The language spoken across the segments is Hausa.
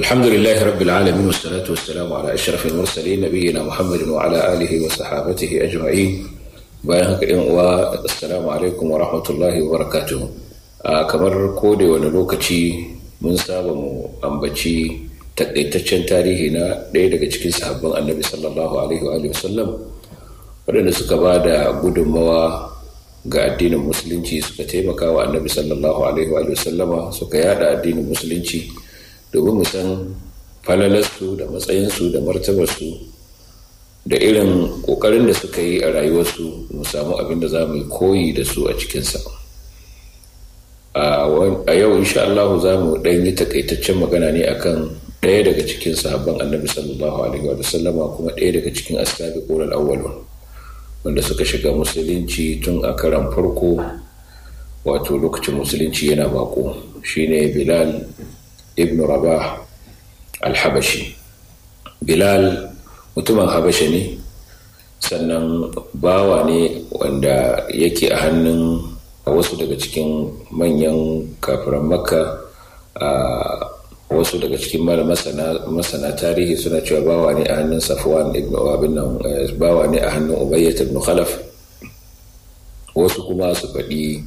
الحمد لله رب العالمين والصلاة والسلام على أشرف المرسلين نبينا محمد وعلى آله وصحابته أجمعين bayan haka yan uwa assalamu alaikum wa rahmatullahi wa barakatuhu kamar kode wani lokaci mun saba mu ambaci takaitaccen tarihi na ɗaya daga cikin sahabban annabi sallallahu alaihi waɗanda suka ba da gudummawa ga addinin musulunci suka taimaka wa annabi sallallahu suka yada addinin musulunci domin mu san falalarsu da matsayinsu da martabarsu da irin ƙoƙarin da suka yi a rayuwarsu mu samu abin da za mu yi koyi da su a cikinsa a yau insha Allah za mu ɗan yi takaitaccen magana ne akan ɗaya daga cikin sahabban annabi sallallahu alaihi wa sallama kuma ɗaya daga cikin ashabi qural awwal wanda suka shiga musulunci tun a karan farko wato lokacin musulunci yana bako shine bilal ibn rabah alhabashi bilal mutumin habasha ne sannan bawa ne wanda yake a hannun wasu daga cikin manyan kafiran makka a wasu daga cikin masana tarihi suna cewa bawa ne a hannun safwan ibn abin nan bawa ne a hannun ubayyat ibn khalaf wasu kuma su faɗi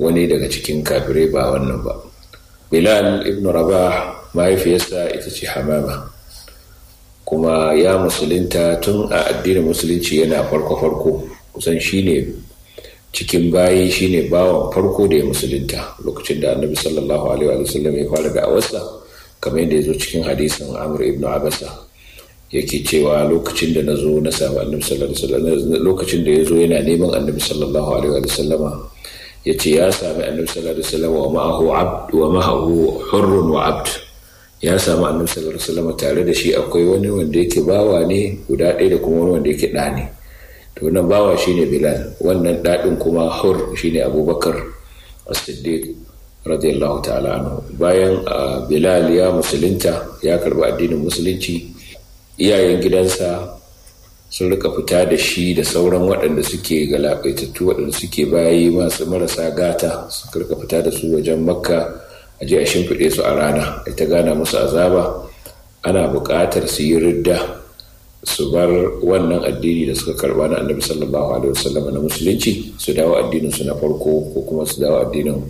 wani daga cikin kafirai ba wannan ba bilal ibn rabah mahaifiyarsa ita ce hamama kuma ya musulunta tun a addinin musulunci yana farko-farko kusan shi ne cikin bayi shi ne bawan farko da ya musulunta lokacin da annabi sallallahu alaihi wasallam ya fara da awarsa kamar yadda ya zo cikin hadisin amur ibn abasa yake cewa lokacin da na zo na samu annabi sallallahu alaihi wasallam lokacin da ya zo yana neman annabi sallallahu alaihi wasallama ya ce ya sami annabi sallallahu alaihi wasallam wa ma'ahu abd wa hurrun wa abd ya sami annabi sallallahu alaihi tare da shi akwai wani wanda yake bawa ne guda ɗaya da kuma wani wanda yake ɗa ne to wannan bawa shine bilal wannan ɗaɗin kuma hur shine abubakar as-siddiq radiyallahu ta'ala anhu bayan bilal ya musulunta ya karɓi addinin musulunci iyayen gidansa sun rika fita da shi da sauran waɗanda suke galabaitattu waɗanda suke bayi masu marasa gata su rika fita da su wajen makka a a shimfiɗe su a rana da ta gana musu azaba ana buƙatar su yi ridda su bar wannan addini da suka karba na annabi sallallahu alaihi wasallam na musulunci su dawo addinin su na farko ko kuma su dawo addinin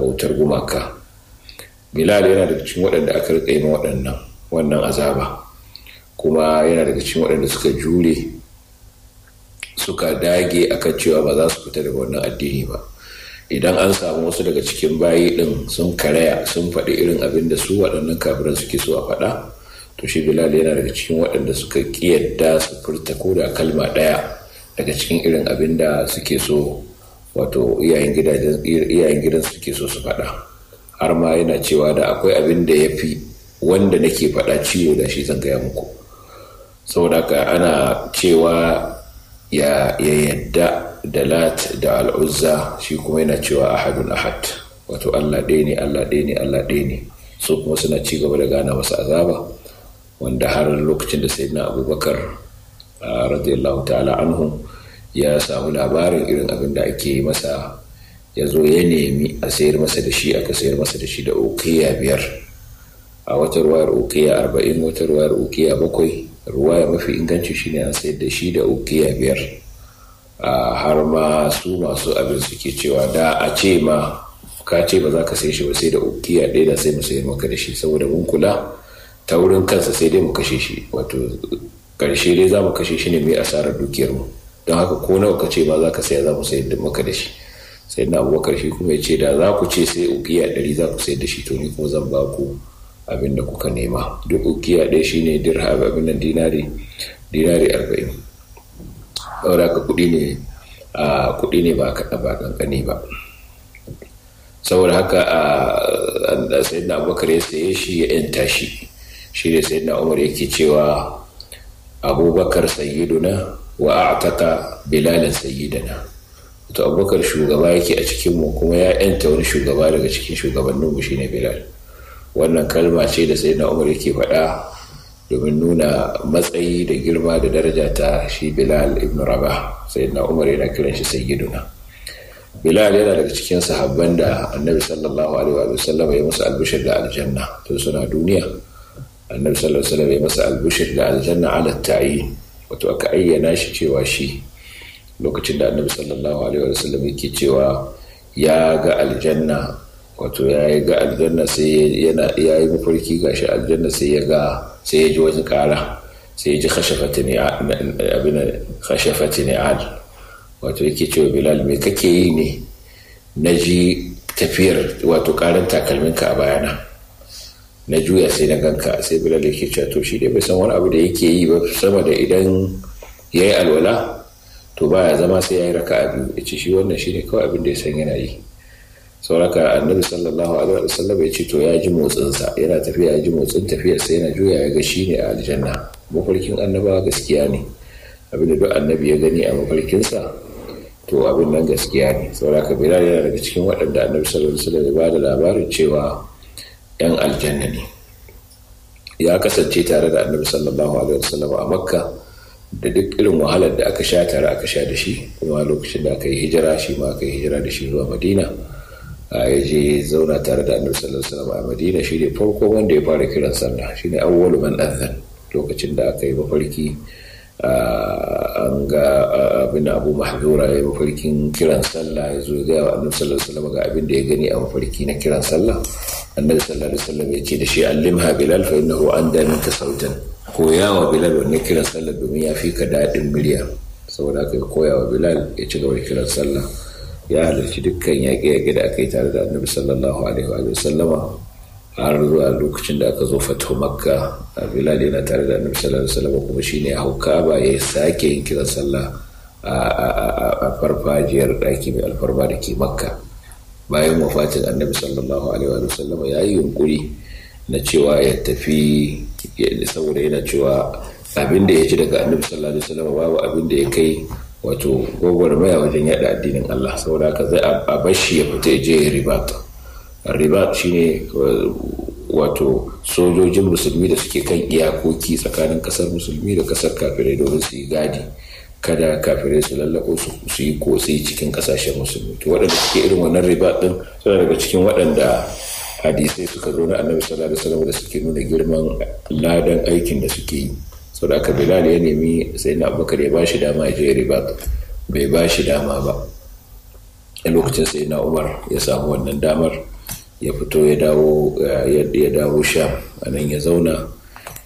bautar gumaka bilal yana da cikin waɗanda aka rika yi waɗannan wannan azaba kuma yana daga cikin waɗanda suka jure suka dage a kan cewa ba za su fita daga wannan addini ba idan an samu wasu daga cikin bayi ɗin sun karaya sun faɗi irin abin da su waɗannan kafiran suke so a faɗa to shi bilal yana daga cikin waɗanda suka ƙiyadda su furta ko da kalma ɗaya daga cikin irin abin da suke so wato iyayen gidan suke so su faɗa har ma yana cewa da akwai abin da ya fi wanda nake faɗa ciwo da shi zan gaya muku saboda ka ana cewa ya yadda da lat da al'uzza shi kuma yana cewa ahadun ahad wato allah ɗaya ne allah ɗaya ne allah ɗaya ne su kuma suna ci gaba da gana masa azaba wanda har lokacin da sayyidina abubakar radiyallahu ta'ala anhu ya samu labarin irin abin da ake masa ya zo ya nemi a sayar masa da shi aka sayar masa da shi da okiya biyar a wata ruwayar arba'in wata ruwayar okiya bakwai ruwaya mafi inganci shine na sayar da shi da ukiya biyar har ma su masu abin suke cewa da a ce ma ka ce ba za ka sai shi ba sai da ukiya ɗaya da sai mu sayar maka da shi saboda mun kula ta wurin kansa sai dai mu kashe shi wato karshe dai za mu kashe shi ne mai asarar dukiyar mu don haka ko nawa ka ce ma za ka saya za mu sayar da maka da shi sai na abubakar karshe kuma ya ce da za ku ce sai ukiya ɗari za ku sayar da shi to ni kuma zan ba ku abin da kuka nema duk ukiya ɗaya shine dirham abin nan dinari dinari arba'in ka kuɗi ne a kuɗi ne ba kaɗa ba ƙanƙani ba saboda haka a na abubakar ya saye shi ya yanta shi shi ne na umar yake cewa abubakar sayiduna wa taka bilalin na. to abubakar shugaba yake a cikinmu kuma ya yanta wani shugaba daga cikin shugabanninmu shine bilal wannan kalma ce da sai na umar yake faɗa domin nuna matsayi da girma da daraja ta shi bilal ibn raba sai na umar yana kiran shi sayyiduna bilal yana daga cikin sahabban da annabi sallallahu alaihi wa sallam ya musu albishir da aljanna suna duniya annabi sallallahu alaihi wa sallam ya musu albishir da aljanna ala ta'yin wato aka ayyana shi cewa shi lokacin da annabi sallallahu alaihi wa sallam yake cewa ya ga aljanna wato ya yi ga aljanna sai yana ya yi mafarki ga shi aljanna sai ya ga sai ya ji wani kara sai ya ji khashafati ni'al wato yake cewa bilal me kake yi ne na ji tafiyar wato karin takalminka a bayana na juya sai na ganka sai bilal yake cewa to shi dai bai san wani abu da yake yi ba sama da idan ya yi alwala to baya zama sai ya yi raka biyu ya ce shi wannan shi ne kawai abin da ya san yana yi sauraka annabi sallallahu alaihi wa sallam ya ce to ya ji motsinsa yana tafiya ya ji motsin tafiya sai yana juya ya ga shi ne a aljanna mafarkin annabawa gaskiya ne abinda duk annabi ya gani a mafarkinsa to abin nan gaskiya ne sauraka bilal yana daga cikin waɗanda annabi sallallahu alaihi wa sallam ya ba da labarin cewa yan aljanna ne ya kasance tare da annabi sallallahu alaihi sallam a makka da duk irin wahalar da aka sha tare aka sha da shi kuma lokacin da aka yi hijira shi ma aka yi hijira da shi zuwa madina ya je zauna tare da annabi sallallahu alaihi wasallam a madina shine farko wanda ya fara kiran sallah shine awwalu man azan lokacin da aka yi mafarki an ga abin abu mahzura ya mafarkin kiran sallah ya zo ga annabi sallallahu alaihi wasallam ga abin da ya gani a mafarki na kiran sallah annabi sallallahu alaihi wasallam ya ce da shi allimha bilal fa innahu anda min sautan koyawa bilal wannan kiran sallah domin ya fi ka dadin murya saboda haka koya wa bilal ya ci gaba kiran sallah ya halarci dukkan yaƙe-yaƙe da aka yi tare da annabi sallallahu alaihi wa sallama har zuwa lokacin da aka zo fato makka a biladi na tare da annabi sallallahu alaihi wa sallama kuma shine ya hauka ba ya sake yin kiran sallah a farfajiyar ɗaki mai alfarma da ke makka bayan wafatin annabi sallallahu alaihi wa sallama ya yi yunkuri na cewa ya tafi saboda yana cewa abin da ya ci daga annabi sallallahu alaihi wa sallama babu abin da ya kai wato maya wajen yada addinin Allah saboda haka zai a bashi ya fita je ribat ribat shine uh, wato sojojin musulmi da suke kan iyakoki tsakanin kasar musulmi da kasar kafirai domin su yi gadi kada kafirai su lallako su yi kotsi cikin kasashen musulmi to waɗanda suke irin wannan ribat din suna daga cikin waɗanda hadisai suka zo na annabi sallallahu alaihi wasallam da suke nuna girman ladan aikin da suke yi saboda ka bilal ya nemi sai na abubakar ya bashi dama ya je bai bashi dama ba a lokacin sai na umar ya samu wannan damar ya fito ya dawo ya dawo sha a nan ya zauna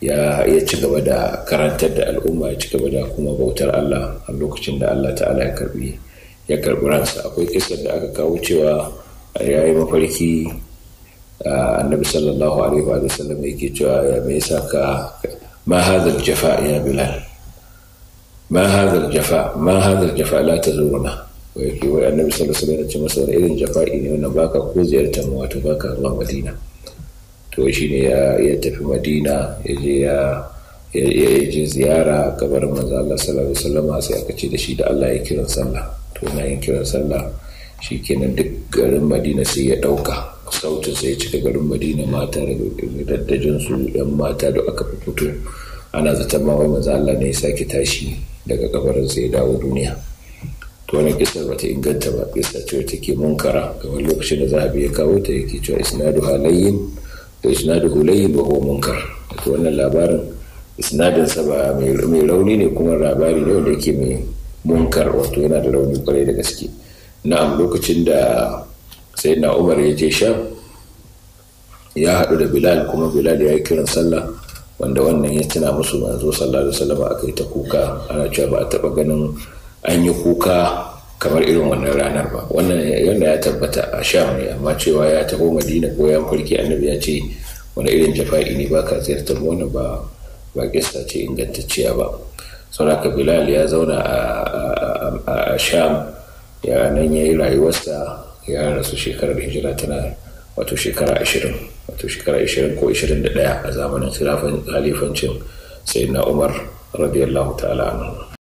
ya ci gaba da karantar da al'umma ya ci gaba da kuma bautar allah a lokacin da allah ta'ala ya karbi ya karbi ransa akwai kisar da aka kawo cewa ya yi mafarki annabi sallallahu alaihi wa sallam yake cewa ya mai sa ka ما هذا الجفاء يا بلال ما هذا الجفاء ما هذا الجفاء لا تزورنا ويكي وي النبي صلى الله عليه وسلم إذن irin jafa'i ne wannan baka ko ziyartar mu wato baka zuwa Madina to shine ya ya tafi Madina ya je ya je ziyara kabarin manzo Allah sallallahu alaihi wasallam sai aka ce da shi da Allah ya kiran sallah to na yin kiran sallah shikenan duk garin Madina sai ya dauka sautin sai cika garin madina mata da daddajin su yan mata da aka fito ana zata ma wai manzo Allah ne ya sake tashi daga kabarin sai ya dawo duniya to kisa ba bata inganta ba kisa ce ke munkara kamar lokacin da zahabi ya kawo ta yake cewa isnadu halayyin da isnadu hulayyin ba huwa munkar to wannan labarin sa ba mai rauni ne kuma labari ne wanda yake mai munkar wato yana da rauni kwarai da gaske na'am lokacin da sai na umar ya je sha ya haɗu da bilal kuma bilal ya yi kiran sallah wanda wannan ya tuna musu manzo da sallah ba aka yi ta kuka ana cewa ba a taɓa ganin an yi kuka kamar irin wannan ranar ba wannan yana ya tabbata a sha ne amma cewa ya taho madina ko ya farki annabi ya ce wani irin jafa'i ne ba ka ziyartar wani ba ba kista ce ingantacciya ba sauraka bilal ya zauna a sham ya nan ya yi rayuwarsa ya rasu shekarar hijira tana wato shekara ashirin wato shekara ashirin ko ashirin da ɗaya a zamanin khilafancin sayyidina umar radiyallahu ta'ala anhu